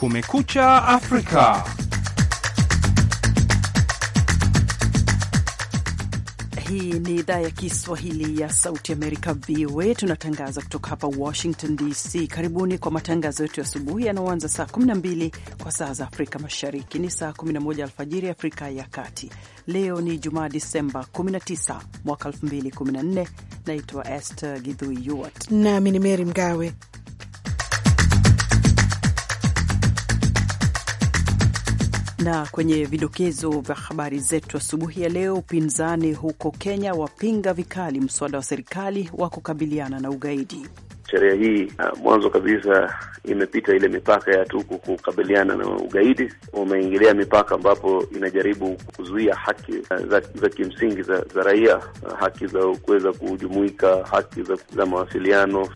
Kumekucha Afrika. Hii ni idhaa ya Kiswahili ya Sauti Amerika, VOA. Tunatangaza kutoka hapa Washington DC. Karibuni kwa matangazo yetu ya asubuhi yanaoanza saa 12 kwa saa za Afrika Mashariki, ni saa 11 alfajiri Afrika ya Kati. Leo ni Jumaa, Disemba 19 mwaka 2014. Naitwa Esther Gidhui nami ni Meri Mgawe Na kwenye vidokezo vya habari zetu asubuhi ya leo, upinzani huko Kenya wapinga vikali mswada wa serikali wa kukabiliana na ugaidi. Sheria hii ah, mwanzo kabisa imepita ile mipaka ya tuku kukabiliana na ugaidi, umeingilia mipaka ambapo inajaribu kuzuia haki ah, za, za kimsingi za, za raia, ah, haki za kuweza kujumuika, haki za, za mawasiliano.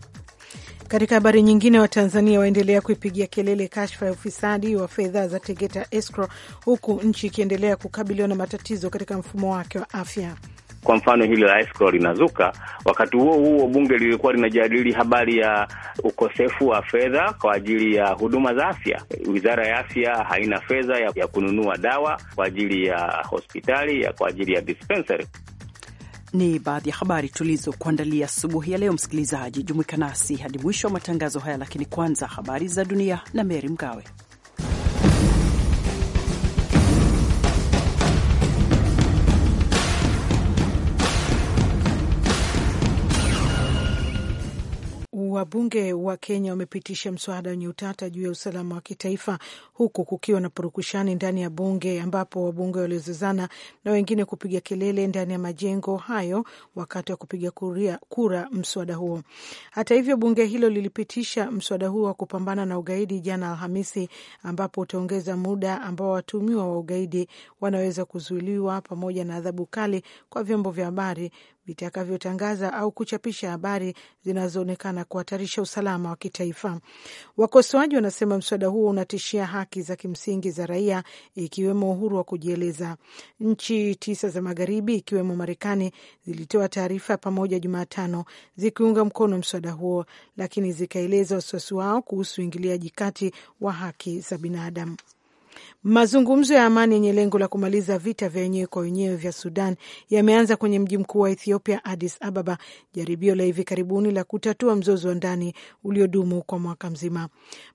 Katika habari nyingine, Watanzania waendelea kuipigia kelele kashfa ya ufisadi wa fedha za Tegeta Escrow, huku nchi ikiendelea kukabiliwa na matatizo katika mfumo wake wa afya. Kwa mfano hili la escrow linazuka. Wakati huo huo, bunge lilikuwa linajadili habari ya ukosefu wa fedha kwa ajili ya huduma za afya. Wizara ya afya haina fedha ya, kununua dawa kwa ajili ya hospitali ya kwa ajili ya dispensary ni baadhi ya habari tulizokuandalia asubuhi ya leo. Msikilizaji, jumuika nasi hadi mwisho wa matangazo haya, lakini kwanza habari za dunia na Meri Mgawe. Wabunge wa Kenya wamepitisha mswada wenye utata juu ya usalama wa kitaifa huku kukiwa na purukushani ndani ya bunge ambapo wabunge waliozozana na wengine kupiga kelele ndani ya majengo hayo wakati wa kupiga kura mswada huo. Hata hivyo, bunge hilo lilipitisha mswada huo wa kupambana na ugaidi jana Alhamisi, ambapo utaongeza muda ambao watumiwa wa ugaidi wanaweza kuzuiliwa pamoja na adhabu kali kwa vyombo vya habari vitakavyotangaza au kuchapisha habari zinazoonekana kuhatarisha usalama wa kitaifa. Wakosoaji wanasema mswada huo unatishia haki za kimsingi za raia, ikiwemo uhuru wa kujieleza. Nchi tisa za Magharibi, ikiwemo Marekani, zilitoa taarifa pamoja Jumatano zikiunga mkono mswada huo, lakini zikaeleza wasiwasi wao kuhusu uingiliaji kati wa haki za binadamu. Mazungumzo ya amani yenye lengo la kumaliza vita vya wenyewe kwa wenyewe vya Sudan yameanza kwenye mji mkuu wa Ethiopia, Addis Ababa, jaribio la hivi karibuni la kutatua mzozo wa ndani uliodumu kwa mwaka mzima.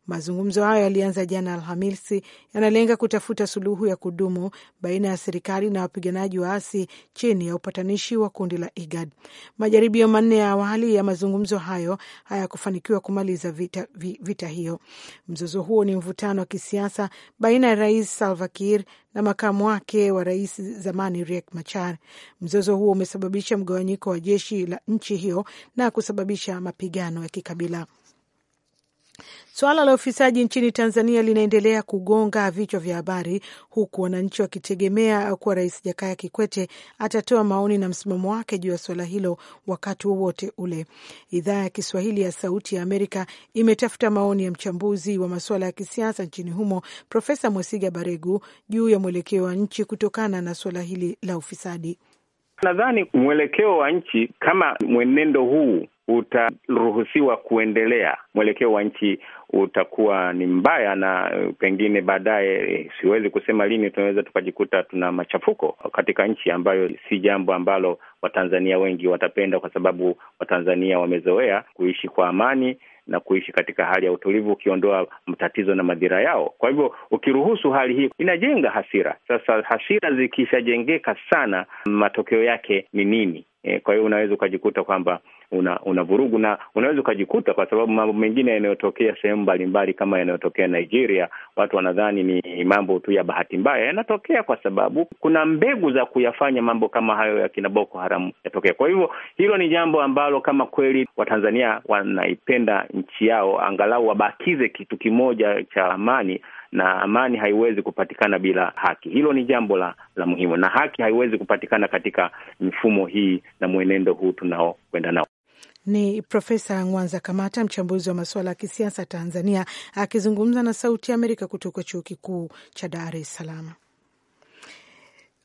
Mazungumzo hayo yalianza jana Alhamisi, yanalenga kutafuta suluhu ya kudumu baina ya serikali na wapiganaji waasi chini ya upatanishi wa kundi la IGAD. Majaribio manne ya awali ya mazungumzo hayo hayakufanikiwa kumaliza vita, vita hiyo. Mzozo huo ni mvutano wa kisiasa baina ya rais Salva Kiir na makamu wake wa rais zamani Riek Machar. Mzozo huo umesababisha mgawanyiko wa jeshi la nchi hiyo na kusababisha mapigano ya kikabila. Suala la ufisaji nchini Tanzania linaendelea kugonga vichwa vya habari, huku wananchi wakitegemea kuwa Rais Jakaya Kikwete atatoa maoni na msimamo wake juu ya suala hilo wakati wowote ule. Idhaa ya Kiswahili ya Sauti ya Amerika imetafuta maoni ya mchambuzi wa masuala ya kisiasa nchini humo, Profesa Mwesiga Baregu, juu ya mwelekeo wa nchi kutokana na suala hili la ufisadi. Nadhani mwelekeo wa nchi kama mwenendo huu utaruhusiwa kuendelea, mwelekeo wa nchi utakuwa ni mbaya, na pengine baadaye, siwezi kusema lini, tunaweza tukajikuta tuna machafuko katika nchi, ambayo si jambo ambalo Watanzania wengi watapenda, kwa sababu Watanzania wamezoea kuishi kwa amani na kuishi katika hali ya utulivu, ukiondoa matatizo na madhira yao. Kwa hivyo ukiruhusu hali hii inajenga hasira. Sasa hasira zikishajengeka sana, matokeo yake ni nini? E, kwa hiyo unaweza ukajikuta kwamba una, una vurugu na unaweza ukajikuta, kwa sababu mambo mengine yanayotokea sehemu mbalimbali kama yanayotokea Nigeria, watu wanadhani ni mambo tu ya bahati mbaya. Yanatokea kwa sababu kuna mbegu za kuyafanya mambo kama hayo ya kina Boko Haramu yatokea. Kwa hivyo hilo ni jambo ambalo kama kweli Watanzania wanaipenda nchi yao, angalau wabakize kitu kimoja cha amani na amani haiwezi kupatikana bila haki. Hilo ni jambo la la muhimu, na haki haiwezi kupatikana katika mifumo hii na mwenendo huu tunaokwenda nao. Ni Profesa Ngwanza Kamata, mchambuzi wa masuala ya kisiasa Tanzania, akizungumza na Sauti ya Amerika kutoka chuo kikuu cha Dar es Salaam.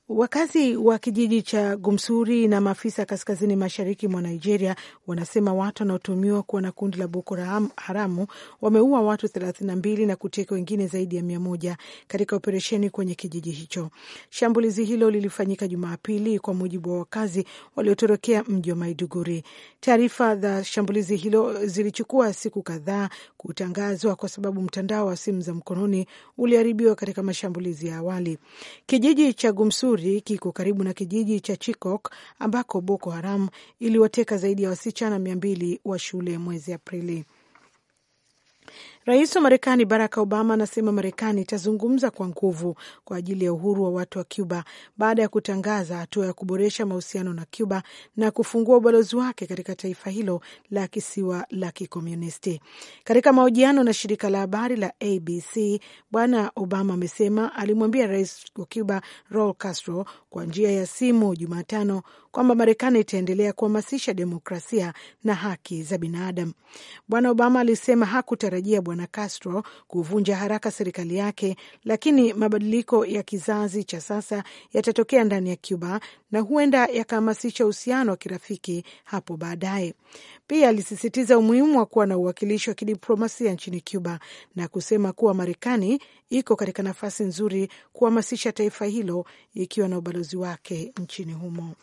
Wakazi wa kijiji cha Gumsuri na maafisa kaskazini mashariki mwa Nigeria wanasema watu wanaotumiwa kuwa na kundi la Boko Haramu wameua watu 32 na kuteka wengine zaidi ya mia moja katika operesheni kwenye kijiji hicho. Shambulizi hilo lilifanyika Jumapili kwa mujibu wa wakazi waliotorokea mji wa Maiduguri. Taarifa za shambulizi hilo zilichukua siku kadhaa kutangazwa kwa sababu mtandao wa simu za mkononi uliharibiwa katika mashambulizi ya awali. Kijiji cha Gumsuri Ituri kiko karibu na kijiji cha Chikok ambako Boko Haram iliwateka zaidi ya wasichana mia mbili wa shule mwezi Aprili. Rais wa Marekani Barack Obama anasema Marekani itazungumza kwa nguvu kwa ajili ya uhuru wa watu wa Cuba baada ya kutangaza hatua ya kuboresha mahusiano na Cuba na kufungua ubalozi wake katika taifa hilo la kisiwa la kikomunisti. Katika mahojiano na shirika la habari la ABC, Bwana Obama amesema alimwambia rais wa Cuba Raul Castro kwa njia ya simu Jumatano kwamba Marekani itaendelea kuhamasisha demokrasia na haki za binadamu. Bwana Obama alisema hakutarajia bwana Bwana Castro kuvunja haraka serikali yake, lakini mabadiliko ya kizazi cha sasa yatatokea ndani ya Cuba na huenda yakahamasisha uhusiano wa kirafiki hapo baadaye. Pia alisisitiza umuhimu wa kuwa na uwakilishi wa kidiplomasia nchini Cuba na kusema kuwa Marekani iko katika nafasi nzuri kuhamasisha taifa hilo ikiwa na ubalozi wake nchini humo.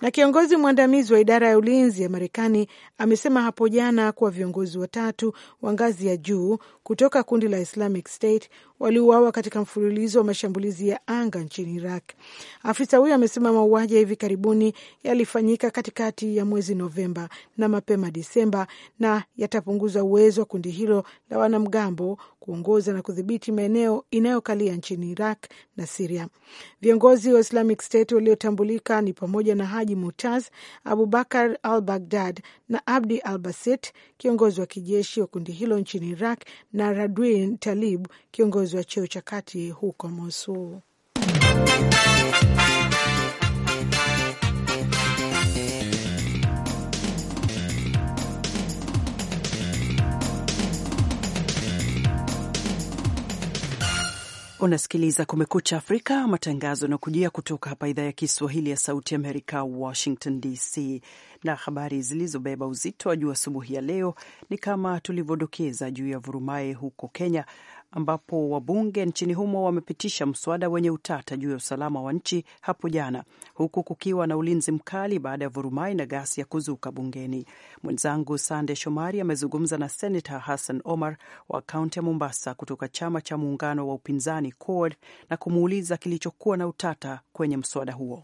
Na kiongozi mwandamizi wa idara ya ulinzi ya Marekani amesema hapo jana kuwa viongozi watatu wa ngazi ya juu kutoka kundi la Islamic State waliuawa katika mfululizo wa mashambulizi ya anga nchini Iraq. Afisa huyo amesema mauaji ya hivi karibuni yalifanyika katikati ya mwezi Novemba na mapema Disemba na yatapunguza uwezo wa kundi hilo la wanamgambo kuongoza na kudhibiti maeneo inayokalia nchini Iraq na Siria. Viongozi wa Islamic State waliotambulika ni pamoja na Haji Mutaz, Abubakar al Baghdad na Abdi al Basit, kiongozi wa kijeshi wa kundi hilo nchini Iraq, na Radwin Talib, kiongozi kiongozi wa cheo cha kati huko Mosul. Unasikiliza Kumekucha Afrika, matangazo yanakujia kutoka hapa idhaa ya Kiswahili ya Sauti Amerika, Washington DC. Na habari zilizobeba uzito wa juu asubuhi ya leo ni kama tulivyodokeza juu ya vurumae huko Kenya, ambapo wabunge nchini humo wamepitisha mswada wenye utata juu ya usalama wa nchi hapo jana, huku kukiwa na ulinzi mkali baada ya vurumai na gasi ya kuzuka bungeni. Mwenzangu Sande Shomari amezungumza na Senata Hassan Omar wa kaunti ya Mombasa kutoka chama cha muungano wa upinzani CORD na kumuuliza kilichokuwa na utata kwenye mswada huo.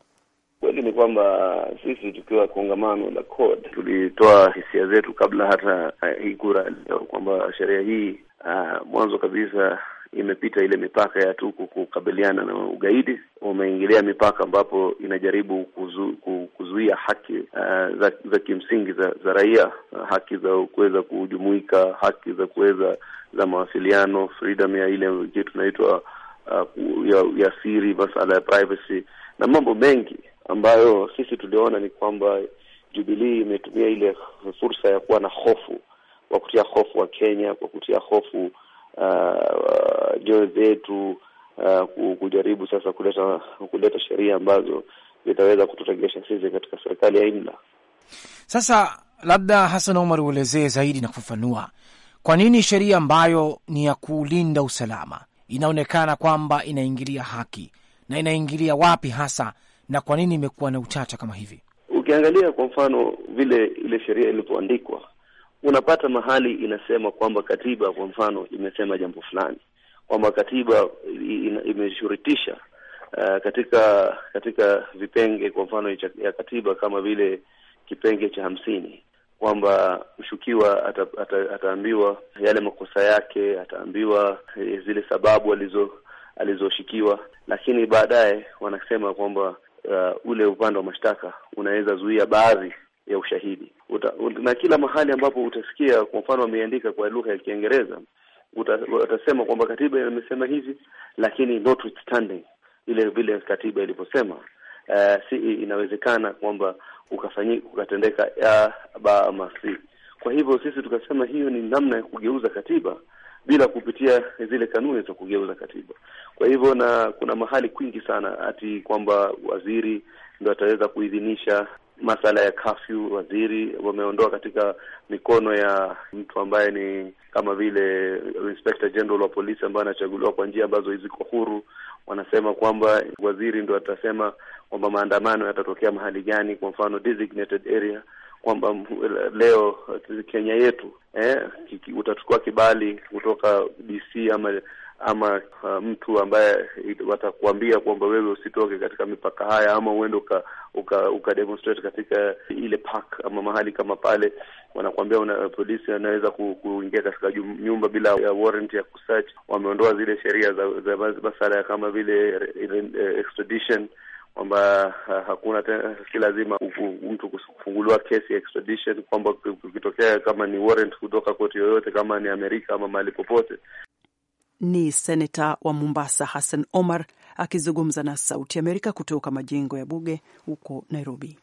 Kweli ni kwamba sisi tukiwa kongamano la CORD tulitoa hisia zetu kabla hata eh, hii kura leo kwamba sheria hii uh, mwanzo kabisa imepita ile mipaka ya tu kukabiliana na ugaidi, umeingilia mipaka ambapo inajaribu kuzu, kuzuia haki uh, za, za kimsingi za, za raia, haki za kuweza kujumuika, haki za kuweza za mawasiliano, freedom ya ile tunaitwa uh, ah, ya, ya siri, masala ya privacy na mambo mengi ambayo sisi tuliona ni kwamba Jubilee imetumia ile fursa ya kuwa na hofu kwa kutia hofu wa Kenya, kwa kutia hofu uh, joe zetu uh, kujaribu sasa kuleta kuleta sheria ambazo zitaweza kututengesha sisi katika serikali ya imla. Sasa labda Hassan Omar uelezee zaidi na kufafanua kwa nini sheria ambayo ni ya kulinda usalama inaonekana kwamba inaingilia haki na inaingilia wapi hasa, na kwa nini imekuwa na utata kama hivi? Ukiangalia kwa mfano vile ile sheria ilipoandikwa unapata mahali inasema kwamba katiba kwa mfano imesema jambo fulani kwamba katiba imeshurutisha uh, katika katika vipenge kwa mfano ya katiba kama vile kipenge cha hamsini kwamba mshukiwa ata, ata, ataambiwa yale makosa yake, ataambiwa eh, zile sababu alizo alizoshikiwa, lakini baadaye wanasema kwamba uh, ule upande wa mashtaka unaweza zuia baadhi ya ushahidi uta, na kila mahali ambapo utasikia kwa mfano wameandika kwa lugha ya Kiingereza uta, utasema kwamba katiba imesema hivi, lakini notwithstanding ile vile katiba ilivyosema. Uh, si inawezekana kwamba ukafanyika ukatendeka ba ama si. Kwa hivyo sisi tukasema hiyo ni namna ya kugeuza katiba bila kupitia zile kanuni za kugeuza katiba. Kwa hivyo na kuna mahali kwingi sana ati kwamba waziri ndo ataweza kuidhinisha masala ya kafyu, waziri wameondoa katika mikono ya mtu ambaye ni kama vile Inspector General wa polisi ambaye anachaguliwa kwa njia ambazo ziko huru. Wanasema kwamba waziri ndo atasema kwamba maandamano yatatokea mahali gani, kwa mfano designated area kwamba leo Kenya yetu eh, utachukua kibali kutoka DC ama ama uh, mtu ambaye watakuambia kwamba wewe usitoke katika mipaka haya ama uende uka, uka, uka demonstrate katika ile park ama mahali kama pale, wanakuambia una, polisi anaweza kuingia katika nyumba bila ya warrant ya kusearch. Wameondoa zile sheria za, za masala ya kama vile extradition kwamba uh, hakuna tena, si lazima mtu kufunguliwa kesi ya extradition, kwamba ukitokea kama ni warrant kutoka koti yoyote, kama ni Amerika ama mahali popote, ni seneta wa Mombasa Hassan Omar akizungumza na Sauti Amerika kutoka majengo ya Buge huko Nairobi.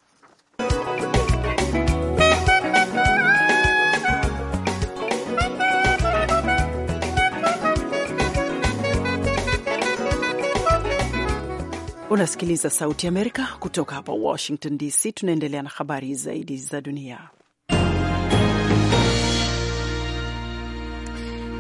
Unasikiliza Sauti Amerika kutoka hapa Washington DC. Tunaendelea na habari zaidi za dunia.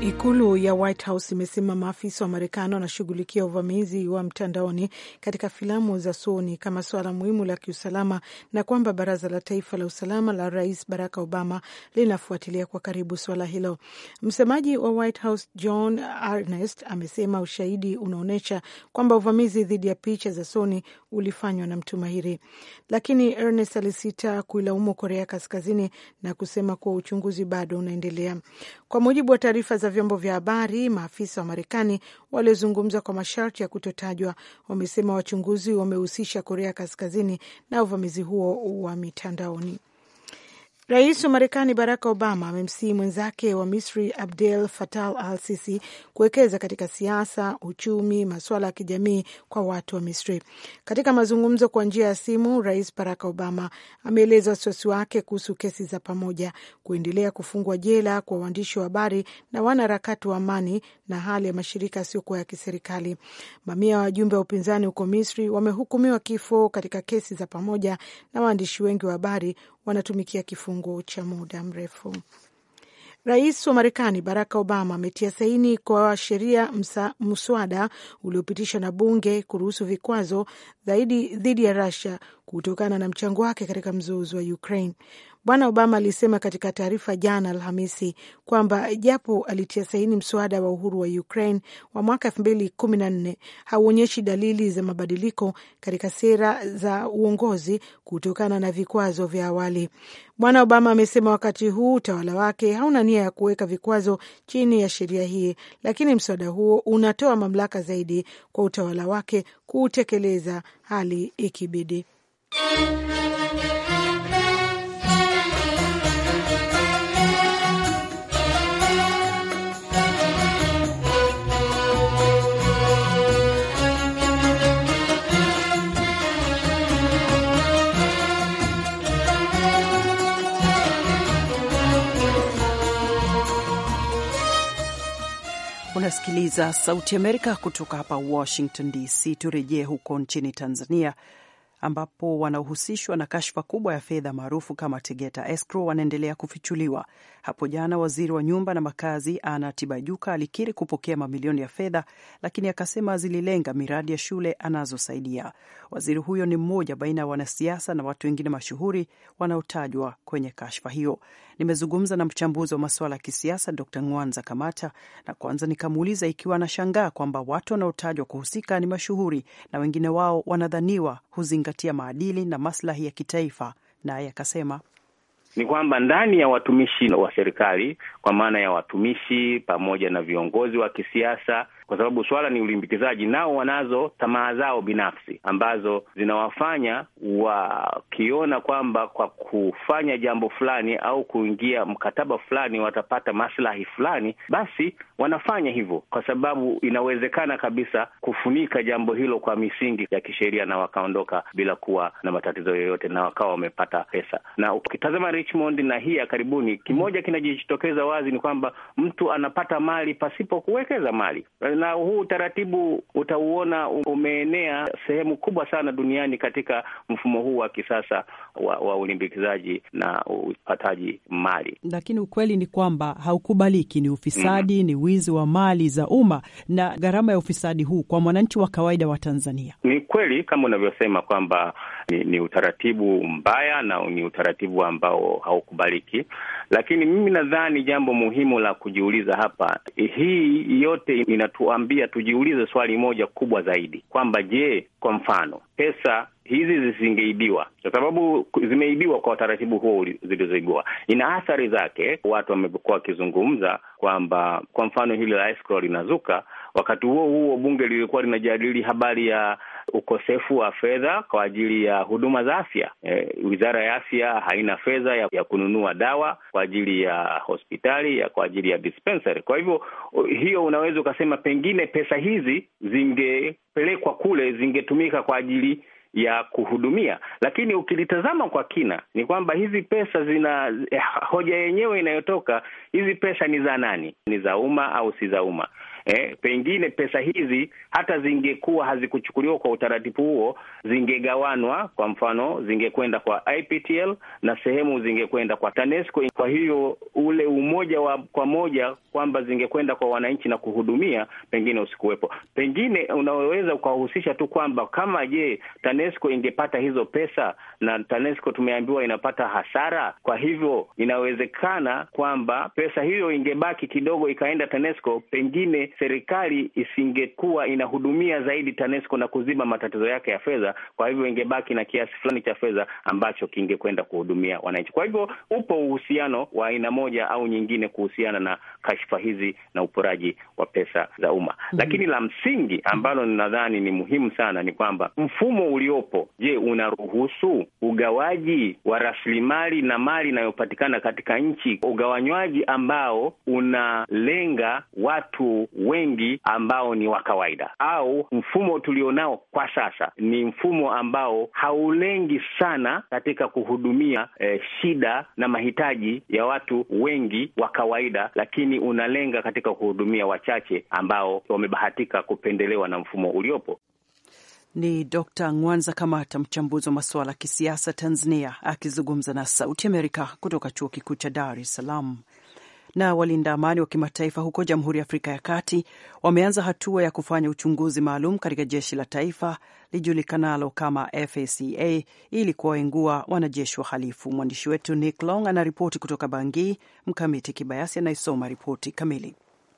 Ikulu ya White House imesema maafisa wa Marekani wanashughulikia uvamizi wa mtandaoni katika filamu za Sony kama suala muhimu la kiusalama na kwamba Baraza la Taifa la Usalama la Rais Barack Obama linafuatilia kwa karibu suala hilo. Msemaji wa White House John Earnest amesema ushahidi unaonyesha kwamba uvamizi dhidi ya picha za Sony ulifanywa na mtu mahiri, lakini Ernest alisita kuilaumu Korea Kaskazini na kusema kuwa uchunguzi bado unaendelea. Kwa mujibu wa taarifa za vyombo vya habari, maafisa wa Marekani waliozungumza kwa masharti ya kutotajwa wamesema wachunguzi wamehusisha Korea Kaskazini na uvamizi huo wa mitandaoni. Rais wa Marekani Barack Obama amemsihi mwenzake wa Misri Abdel Fattah al Sisi kuwekeza katika siasa, uchumi, masuala ya kijamii kwa watu wa Misri. Katika mazungumzo kwa njia ya simu, Rais Barack Obama ameeleza wasiwasi wake kuhusu kesi za pamoja, kuendelea kufungwa jela kwa waandishi wa habari na wanaharakati wa amani na hali ya mashirika yasiyokuwa ya kiserikali. Mamia wa wajumbe wa upinzani huko Misri wamehukumiwa kifo katika kesi za pamoja na waandishi wengi wa habari wanatumikia kifungo cha muda mrefu. Rais wa Marekani Barack Obama ametia saini kwa sheria mswada uliopitishwa na bunge kuruhusu vikwazo zaidi dhidi ya Rusia kutokana na mchango wake katika mzozo wa Ukraine. Bwana Obama alisema katika taarifa jana Alhamisi kwamba japo alitia saini mswada wa uhuru wa Ukraine wa mwaka elfu mbili kumi na nne hauonyeshi dalili za mabadiliko katika sera za uongozi kutokana na vikwazo vya awali. Bwana Obama amesema wakati huu utawala wake hauna nia ya kuweka vikwazo chini ya sheria hii, lakini mswada huo unatoa mamlaka zaidi kwa utawala wake kuutekeleza hali ikibidi. Unasikiliza Sauti Amerika kutoka hapa Washington DC. Turejee huko nchini Tanzania ambapo wanaohusishwa na kashfa kubwa ya fedha maarufu kama Tegeta Escrow wanaendelea kufichuliwa. Hapo jana, waziri wa nyumba na makazi Ana Tibajuka alikiri kupokea mamilioni ya fedha, lakini akasema zililenga miradi ya shule anazosaidia. Waziri huyo ni mmoja baina ya wanasiasa na watu wengine mashuhuri wanaotajwa kwenye kashfa hiyo. Nimezungumza na mchambuzi wa masuala ya kisiasa Dr Ngwanza Kamata na kwanza nikamuuliza ikiwa anashangaa kwamba watu wanaotajwa kuhusika ni mashuhuri na wengine wao wanadhaniwa huzinga kuzingatia maadili na maslahi ya kitaifa, naye akasema ni kwamba ndani ya watumishi wa serikali, kwa maana ya watumishi pamoja na viongozi wa kisiasa kwa sababu swala ni ulimbikizaji. Nao wanazo tamaa zao binafsi ambazo zinawafanya wakiona kwamba kwa kufanya jambo fulani au kuingia mkataba fulani watapata maslahi fulani, basi wanafanya hivyo, kwa sababu inawezekana kabisa kufunika jambo hilo kwa misingi ya kisheria, na wakaondoka bila kuwa na matatizo yoyote, na wakawa wamepata pesa. Na ukitazama Richmond na hii ya karibuni, kimoja kinajitokeza wazi ni kwamba mtu anapata mali pasipo kuwekeza mali na huu utaratibu utauona umeenea sehemu kubwa sana duniani katika mfumo huu wa kisasa wa, wa ulimbikizaji na upataji mali. Lakini ukweli ni kwamba haukubaliki, ni ufisadi mm, ni wizi wa mali za umma na gharama ya ufisadi huu kwa mwananchi wa kawaida wa Tanzania. Ni kweli kama unavyosema kwamba ni, ni utaratibu mbaya na ni utaratibu ambao haukubaliki, lakini mimi nadhani jambo muhimu la kujiuliza hapa, hii yote inatu kuambia tujiulize swali moja kubwa zaidi kwamba je, kwa mfano pesa hizi zisingeibiwa, kwa sababu zimeibiwa kwa utaratibu huo zilizoibiwa, ina athari zake. Watu wamekuwa wakizungumza kwamba kwa mfano hili la escrow linazuka. Wakati huo huo bunge lilikuwa linajadili habari ya ukosefu wa fedha kwa ajili ya huduma za afya. E, wizara ya afya haina fedha ya, ya kununua dawa kwa ajili ya hospitali ya kwa ajili ya dispensary. Kwa hivyo hiyo unaweza ukasema pengine pesa hizi zingepelekwa kule, zingetumika kwa ajili ya kuhudumia. Lakini ukilitazama kwa kina, ni kwamba hizi pesa zina hoja yenyewe inayotoka, hizi pesa ni za nani? Ni za umma au si za umma? eh, pengine pesa hizi hata zingekuwa hazikuchukuliwa kwa utaratibu huo, zingegawanwa. Kwa mfano, zingekwenda kwa IPTL na sehemu zingekwenda kwa TANESCO. Kwa hiyo ule umoja wa kwa moja kwamba zingekwenda kwa wananchi na kuhudumia, pengine usikuwepo. Pengine unaweza ukahusisha tu kwamba kama je, TANESCO ingepata hizo pesa, na TANESCO tumeambiwa inapata hasara, kwa hivyo inawezekana kwamba pesa hiyo ingebaki kidogo ikaenda TANESCO, pengine serikali isingekuwa inahudumia zaidi TANESCO na kuziba matatizo yake ya fedha, kwa hivyo ingebaki na kiasi fulani cha fedha ambacho kingekwenda kuhudumia wananchi. Kwa hivyo upo uhusiano wa aina moja au nyingine kuhusiana na kashfa hizi na uporaji wa pesa za umma mm -hmm. Lakini la msingi ambalo ninadhani ni muhimu sana ni kwamba mfumo uliopo, je, unaruhusu ugawaji wa rasilimali na mali inayopatikana katika nchi, ugawanywaji ambao unalenga watu wengi ambao ni wa kawaida, au mfumo tulionao kwa sasa ni mfumo ambao haulengi sana katika kuhudumia eh, shida na mahitaji ya watu wengi wa kawaida, lakini lakini unalenga katika kuhudumia wachache ambao wamebahatika kupendelewa na mfumo uliopo. Ni Dr. Ngwanza Kamata, mchambuzi wa masuala ya kisiasa Tanzania, akizungumza na Sauti Amerika kutoka chuo kikuu cha Dar es Salaam na walinda amani wa kimataifa huko Jamhuri ya Afrika ya Kati wameanza hatua ya kufanya uchunguzi maalum katika jeshi la taifa lijulikanalo kama FACA ili kuwaingua wanajeshi wahalifu. Mwandishi wetu Nick Long anaripoti kutoka Bangui. Mkamiti Kibayasi anayesoma ripoti kamili.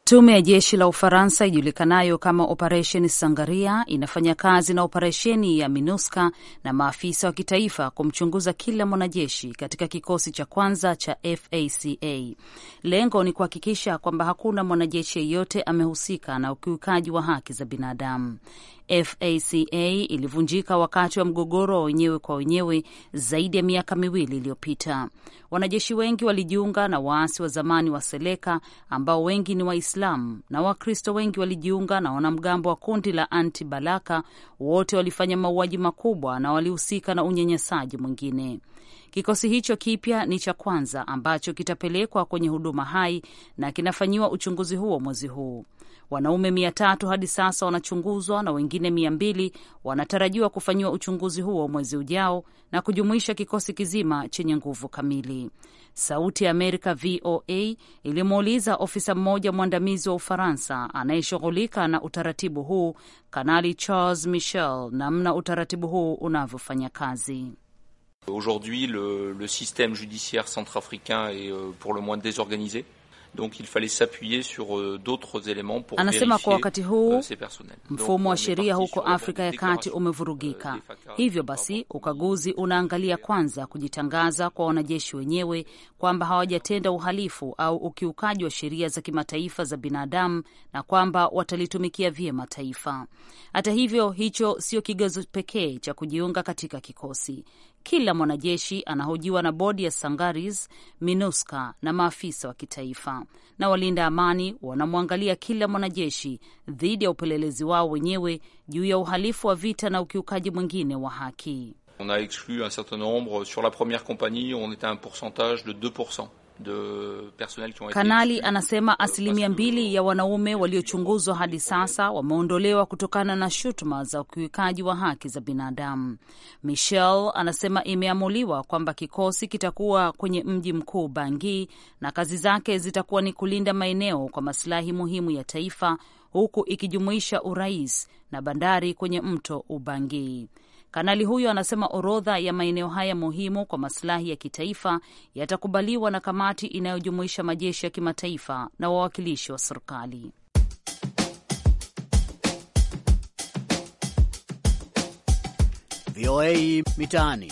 Tume ya jeshi la Ufaransa ijulikanayo kama Operation Sangaria inafanya kazi na operesheni ya MINUSCA na maafisa wa kitaifa kumchunguza kila mwanajeshi katika kikosi cha kwanza cha FACA. Lengo ni kuhakikisha kwamba hakuna mwanajeshi yeyote amehusika na ukiukaji wa haki za binadamu. FACA ilivunjika wakati wa mgogoro wa wenyewe kwa wenyewe zaidi ya miaka miwili iliyopita. Wanajeshi wengi walijiunga na waasi wa zamani wa Seleka ambao wengi ni Waislamu na Wakristo wengi walijiunga na wanamgambo wa kundi la Anti Balaka. Wote walifanya mauaji makubwa na walihusika na unyanyasaji mwingine. Kikosi hicho kipya ni cha kwanza ambacho kitapelekwa kwenye huduma hai na kinafanyiwa uchunguzi huo mwezi huu. Wanaume mia tatu hadi sasa wanachunguzwa na wengine mia mbili wanatarajiwa kufanyiwa uchunguzi huo mwezi ujao na kujumuisha kikosi kizima chenye nguvu kamili. Sauti ya Amerika VOA ilimuuliza ofisa mmoja mwandamizi wa Ufaransa anayeshughulika na utaratibu huu, Kanali Charles Michel, namna utaratibu huu unavyofanya kazi. Aujourd'hui le, le système judiciaire centrafricain est euh, pour le moins désorganisé Donc il fallait s'appuyer sur euh, d'autres éléments pour anasema kwa wakati huu euh, mfumo wa sheria huko Afrika ya Kati umevurugika. Hivyo basi ukaguzi unaangalia kwanza kujitangaza kwa wanajeshi wenyewe kwamba hawajatenda uhalifu au ukiukaji wa sheria za kimataifa za binadamu na kwamba watalitumikia vyema taifa. Hata hivyo, hicho sio kigezo pekee cha kujiunga katika kikosi. Kila mwanajeshi anahojiwa na bodi ya Sangaris, MINUSCA na maafisa wa kitaifa, na walinda amani wanamwangalia kila mwanajeshi dhidi ya upelelezi wao wenyewe juu ya uhalifu wa vita na ukiukaji mwingine wa haki. On a exclu un certain nombre sur la première compagnie on était un pourcentage de 2%. Kanali anasema asilimia mbili ya wanaume waliochunguzwa hadi sasa wameondolewa kutokana na shutuma za ukiukaji wa haki za binadamu. Michel anasema imeamuliwa kwamba kikosi kitakuwa kwenye mji mkuu bangi na kazi zake zitakuwa ni kulinda maeneo kwa masilahi muhimu ya taifa huku ikijumuisha urais na bandari kwenye mto Ubangi. Kanali huyo anasema orodha ya maeneo haya muhimu kwa masilahi ya kitaifa yatakubaliwa na kamati inayojumuisha majeshi ya kimataifa na wawakilishi wa serikali. VOA Mitaani.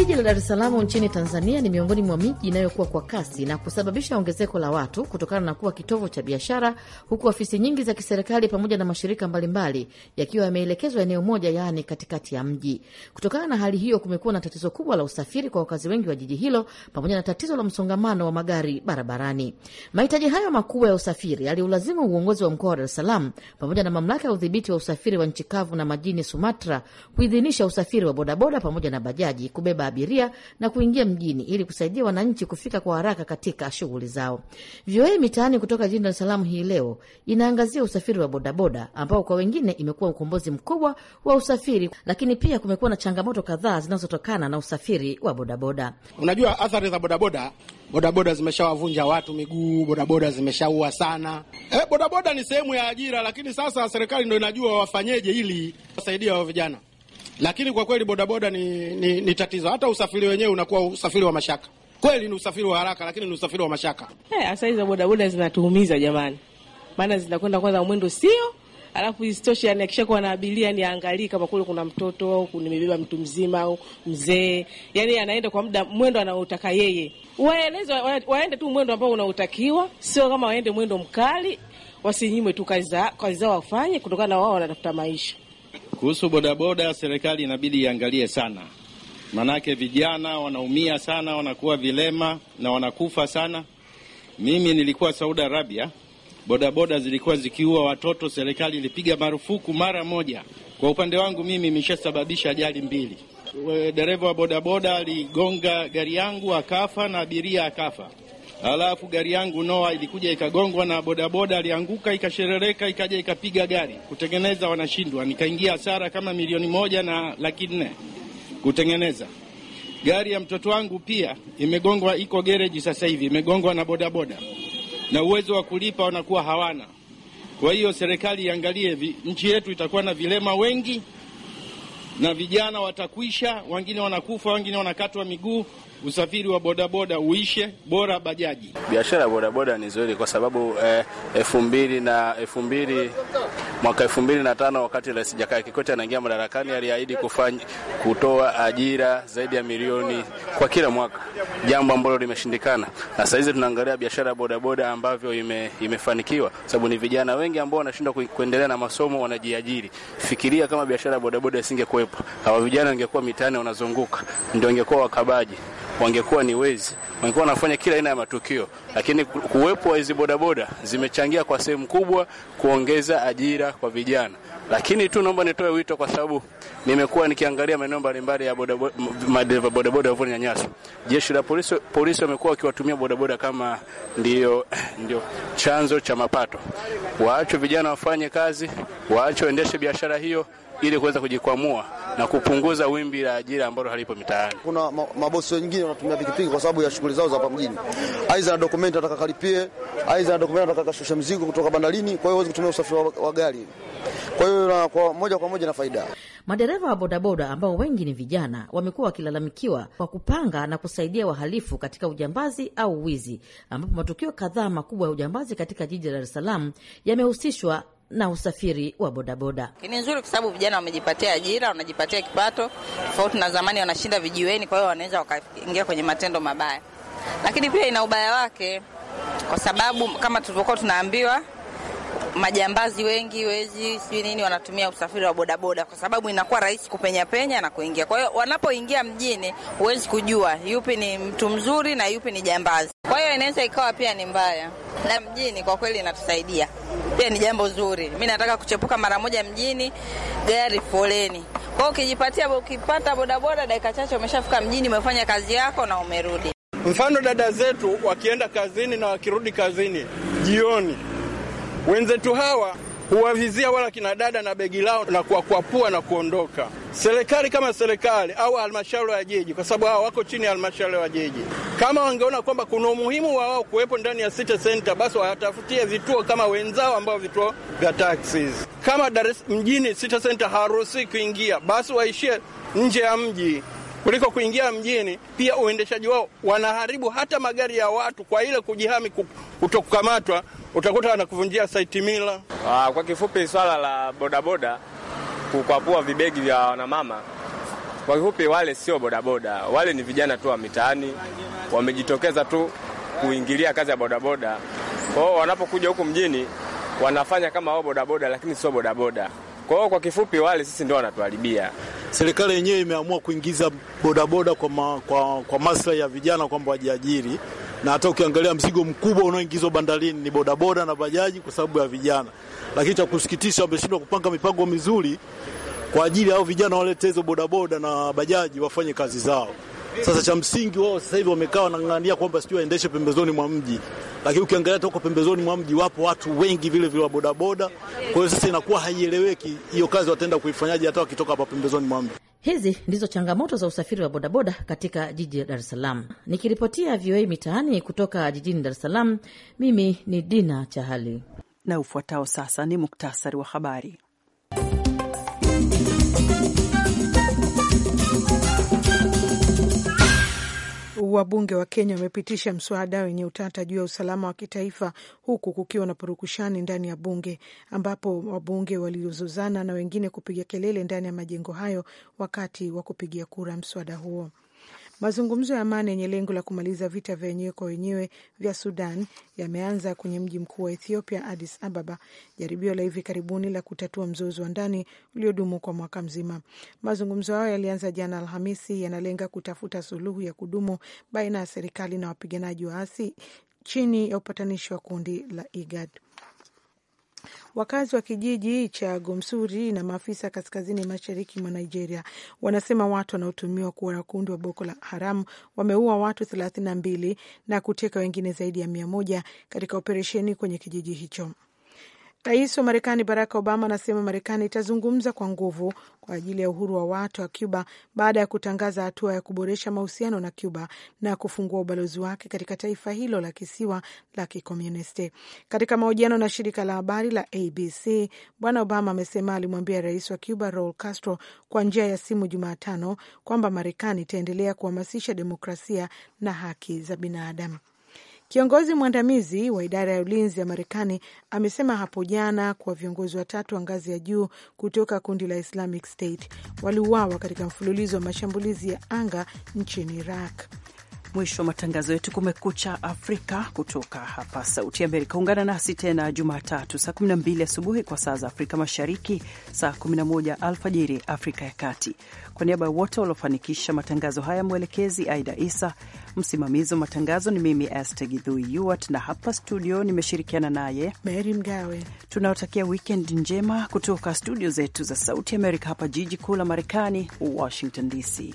Jiji la Dar es Salaam nchini Tanzania ni miongoni mwa miji inayokuwa kwa kasi na kusababisha ongezeko la watu kutokana na kuwa kitovu cha biashara, huku ofisi nyingi za kiserikali pamoja na mashirika mbalimbali yakiwa yameelekezwa eneo moja, yaani katikati ya mji. Kutokana na hali hiyo, kumekuwa na tatizo kubwa la usafiri kwa wakazi wengi wa jiji hilo pamoja na tatizo la msongamano wa magari barabarani. Mahitaji hayo makubwa ya usafiri yaliulazimu uongozi wa mkoa wa Dar es Salaam pamoja na mamlaka ya udhibiti wa usafiri wa nchi kavu na majini SUMATRA kuidhinisha usafiri wa bodaboda pamoja na bajaji kubeba abiria na kuingia mjini ili kusaidia wananchi kufika kwa haraka katika shughuli zao. VOA Mitaani kutoka jijini Dar es Salaam hii leo inaangazia usafiri wa bodaboda ambao kwa wengine imekuwa ukombozi mkubwa wa usafiri, lakini pia kumekuwa na changamoto kadhaa zinazotokana na usafiri wa bodaboda. Unajua athari za bodaboda bodaboda zimeshawavunja watu miguu, bodaboda zimeshaua sana. Eh, bodaboda ni sehemu ya ajira, lakini sasa serikali ndo inajua wafanyeje ili wasaidia wa vijana. Lakini kwa kweli bodaboda ni, ni, ni tatizo. Hata usafiri wenyewe unakuwa usafiri wa mashaka. Kweli ni usafiri wa haraka, lakini ni usafiri wa mashaka. Hey, eh, asaili za bodaboda zinatuumiza jamani, maana zinakwenda kwanza mwendo sio Alafu isitoshe yani, akishakuwa na abiria ni aangalii kama kule kuna mtoto au nimebeba mtu mzima au mzee, yani anaenda kwa muda mwendo anaotaka yeye. Waeleze waende tu mwendo ambao unaotakiwa, sio kama waende mwendo mkali. Wasinyimwe tu kazi zao wafanye, kutokana na wao wanatafuta maisha. Kuhusu bodaboda, serikali inabidi iangalie sana, maanake vijana wanaumia sana, wanakuwa vilema na wanakufa sana. Mimi nilikuwa Saudi Arabia, bodaboda zilikuwa zikiua watoto, serikali ilipiga marufuku mara moja. Kwa upande wangu mimi imeshasababisha ajali mbili. Dereva wa bodaboda aligonga gari yangu akafa na abiria akafa. Alafu gari yangu noa ilikuja ikagongwa na bodaboda, alianguka ikasherereka, ikaja ikapiga gari. Kutengeneza wanashindwa, nikaingia hasara kama milioni moja na laki nne kutengeneza gari ya mtoto wangu. Pia imegongwa, iko gereji sasa hivi, imegongwa na bodaboda, na uwezo wa kulipa wanakuwa hawana. Kwa hiyo serikali iangalie, nchi yetu itakuwa na vilema wengi na vijana watakwisha, wengine wanakufa, wengine wanakatwa miguu, usafiri wa bodaboda uishe, bora bajaji. Biashara ya bodaboda ni nzuri kwa sababu eh, elfu mbili na elfu mbili mwaka elfu mbili na tano wakati Rais Jakaya Kikwete anaingia madarakani aliahidi kufanya kutoa ajira zaidi ya milioni kwa kila mwaka, jambo ambalo limeshindikana, na saa hizi tunaangalia biashara ya bodaboda ambavyo ime, imefanikiwa, sababu ni vijana wengi ambao wanashindwa kuendelea na masomo wanajiajiri. Fikiria kama biashara ya bodaboda isingekuwepo, hawa vijana wangekuwa mitaani wanazunguka, ndio ingekuwa wakabaji wangekuwa ni wezi, wangekuwa wanafanya kila aina ya matukio. Lakini kuwepo hizi bodaboda zimechangia kwa sehemu kubwa kuongeza ajira kwa vijana. Lakini tu naomba nitoe wito, kwa sababu nimekuwa nikiangalia maeneo mbalimbali ya madereva bodaboda wanavyonyanyaswa. Jeshi la polisi polisi wamekuwa wakiwatumia bodaboda kama ndio, ndio chanzo cha mapato. Waachwe vijana wafanye kazi, waachwe waendeshe biashara hiyo ili kuweza kujikwamua na kupunguza wimbi la ajira ambalo halipo mitaani. Kuna mabosi wengine wanatumia pikipiki kwa sababu ya shughuli zao za hapa mjini, aidha na dokumenti nataka kalipie, aidha na dokumenti nataka kashusha mzigo kutoka bandarini, kwa hiyo huwezi kutumia usafiri wa, wa gari. Kwa hiyo kwa moja kwa moja na faida. Madereva wa bodaboda ambao wengi ni vijana wamekuwa wakilalamikiwa kwa kupanga na kusaidia wahalifu katika ujambazi au wizi, ambapo matukio kadhaa makubwa ya ujambazi katika jiji la Dar es Salaam yamehusishwa na usafiri wa bodaboda. Ni nzuri kwa sababu vijana wamejipatia ajira, wanajipatia kipato tofauti na zamani, wanashinda vijiweni, kwa hiyo wanaweza wakaingia kwenye matendo mabaya, lakini pia ina ubaya wake kwa sababu kama tulivyokuwa tunaambiwa majambazi wengi wezi sijui nini wanatumia usafiri wa bodaboda, kwa sababu inakuwa rahisi kupenya penya na kuingia. Kwa hiyo wanapoingia mjini, huwezi kujua yupi ni mtu mzuri na yupi ni jambazi. Kwa hiyo inaweza ikawa pia ni mbaya, na mjini kwa kweli inatusaidia pia, ni jambo zuri. Mi nataka kuchepuka mara moja mjini, gari foleni kwa hiyo ukijipatia ukipata bodaboda dakika chache umeshafika mjini, umefanya kazi yako na umerudi. Mfano dada zetu wakienda kazini na wakirudi kazini jioni Wenzetu hawa huwavizia wala kina dada na begi lao na kuwakwapua na kuondoka. Serikali kama serikali au halmashauri ya jiji, kwa sababu hawa wako chini ya halmashauri ya jiji, kama wangeona kwamba kuna umuhimu wa wao kuwepo ndani ya city center, basi watafutie vituo kama wenzao ambao vituo vya taxis. Kama Dar mjini city center haruhusi kuingia, basi waishie nje ya mji kuliko kuingia mjini. Pia uendeshaji wao wanaharibu hata magari ya watu kwa ile kujihami kutokukamatwa, utakuta wanakuvunjia saiti mila. Aa, ah, kwa kifupi swala la bodaboda kukwapua vibegi vya wanamama, kwa kifupi wale sio bodaboda, wale ni vijana tu wa mitaani, wamejitokeza tu kuingilia kazi ya bodaboda. Kwa wanapokuja huku mjini wanafanya kama wao bodaboda, lakini sio bodaboda. Kwa kwa kifupi wale sisi ndio wanatuharibia serikali yenyewe imeamua kuingiza bodaboda kwa, ma, kwa, kwa maslahi ya vijana kwamba wajiajiri, na hata ukiangalia mzigo mkubwa unaoingizwa bandarini ni bodaboda na bajaji kwa sababu ya vijana, lakini cha kusikitisha wameshindwa kupanga mipango mizuri kwa ajili ya hao vijana, walete bodaboda na bajaji wafanye kazi zao. Sasa cha msingi wao sasa hivi wamekaa wanang'ang'ania kwamba sijui waendeshe pembezoni mwa mji, lakini ukiangalia toka pembezoni mwa mji wapo watu wengi vile vile wa bodaboda. Kwa hiyo sasa inakuwa haieleweki hiyo kazi wataenda kuifanyaje hata wakitoka hapa pembezoni mwa mji. Hizi ndizo changamoto za usafiri wa bodaboda katika jiji la Dar es Salaam. Nikiripotia VOA Mitaani kutoka jijini Dar es Salaam, mimi ni Dina Chahali. Na ufuatao sasa ni muktasari wa habari. wabunge wa Kenya wamepitisha mswada wenye utata juu ya usalama wa kitaifa huku kukiwa na purukushani ndani ya bunge ambapo wabunge waliozozana na wengine kupiga kelele ndani ya majengo hayo wakati wa kupigia kura mswada huo. Mazungumzo ya amani yenye lengo la kumaliza vita vya wenyewe kwa wenyewe vya Sudan yameanza kwenye mji mkuu wa Ethiopia, Addis Ababa, jaribio la hivi karibuni la kutatua mzozo wa ndani uliodumu kwa mwaka mzima. Mazungumzo hayo yalianza jana Alhamisi, yanalenga kutafuta suluhu ya kudumu baina ya serikali na wapiganaji waasi chini ya upatanishi wa kundi la IGAD. Wakazi wa kijiji cha Gomsuri na maafisa kaskazini mashariki mwa Nigeria wanasema watu wanaotumiwa kuwa wakundi wa Boko la Haram wameua watu thelathini na mbili na kuteka wengine zaidi ya mia moja katika operesheni kwenye kijiji hicho. Rais wa Marekani Barack Obama anasema Marekani itazungumza kwa nguvu kwa ajili ya uhuru wa watu wa Cuba baada ya kutangaza hatua ya kuboresha mahusiano na Cuba na kufungua ubalozi wake katika taifa hilo la kisiwa la kikomunisti. Katika mahojiano na shirika la habari la ABC, Bwana Obama amesema alimwambia rais wa Cuba Raul Castro kwa njia ya simu Jumatano kwamba Marekani itaendelea kuhamasisha demokrasia na haki za binadamu. Kiongozi mwandamizi wa idara ya ulinzi ya Marekani amesema hapo jana kuwa viongozi watatu wa ngazi ya juu kutoka kundi la Islamic State waliuawa katika mfululizo wa mashambulizi ya anga nchini Iraq mwisho wa matangazo yetu Kumekucha Afrika kutoka hapa Sauti Amerika. Ungana nasi tena Jumatatu saa 12 asubuhi kwa saa za Afrika Mashariki, saa 11 alfajiri Afrika ya Kati. Kwa niaba ya wote waliofanikisha matangazo haya, mwelekezi Aida Isa, msimamizi wa matangazo ni mimi Gidhui Yuat, na hapa studio nimeshirikiana naye Meri Mgawe. Tunaotakia wikend njema kutoka studio zetu za Sauti Amerika hapa jiji kuu la Marekani, Washington DC.